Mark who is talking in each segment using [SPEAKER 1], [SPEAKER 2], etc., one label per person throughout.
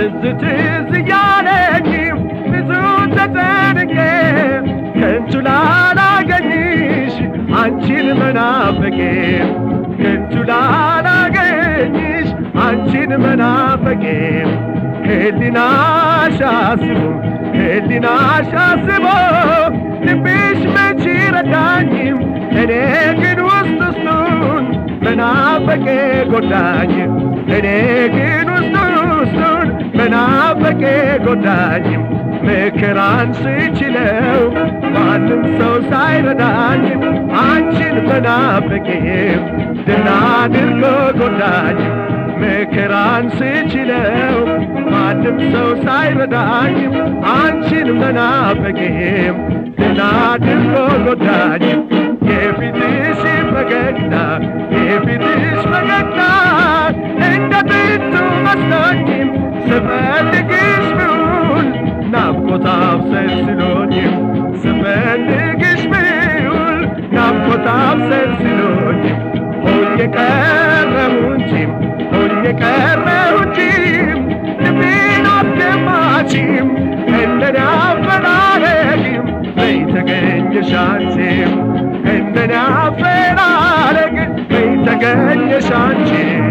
[SPEAKER 1] ትዝ ትዝ እያለኝ ብዙ ተጨንቄ ከንቱ ላላገኝሽ አንቺን መናፈቄ ከንቱ ላላገኝሽ አንቺን መናፈቄ ህሊናሽ አስቦ ህሊናሽ አስቦ ልብሽ መች ረዳኝም እኔ ግን ውስጥ ውስጡን መናፈቄ ጎዳኝ እኔ ግን መናፈቄ ጎዳኝም ምክራን ስችለው ማንም ሰው ሳይረዳኝም አንቺን መናፈቄ ድና አድርጎ ጎዳኝም ምክር አንስችለው ማንም ሰው ሳይረዳኝም አንቺን መናፈቄ ድና አድርጎ ጎዳኝም የፊትሽ ፈገግታ የፊትሽ ፈገግታ እንደ ብቱ መስሎኝም ስበ se sinonim Să vede ghișmeul N-am cotat să sinonim Unde care muncim Unde care muncim De vina te facim Când ne aferarem Vei să gânde șanțim Când ne aferarem Vei să gânde șanțim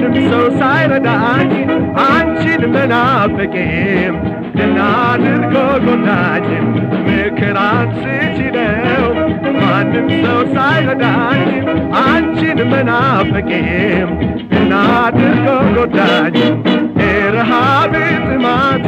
[SPEAKER 1] ማንም ሰው ሳይረዳኝ አንቺን መናፍቄም ድናድርጎ ጎናኝም ምክር አንስቺ ማንም ሰው ሳይረዳኝ አንቺን መናፈቄም ድናድርጎ ጎዳኝ የረሃብ ጥማት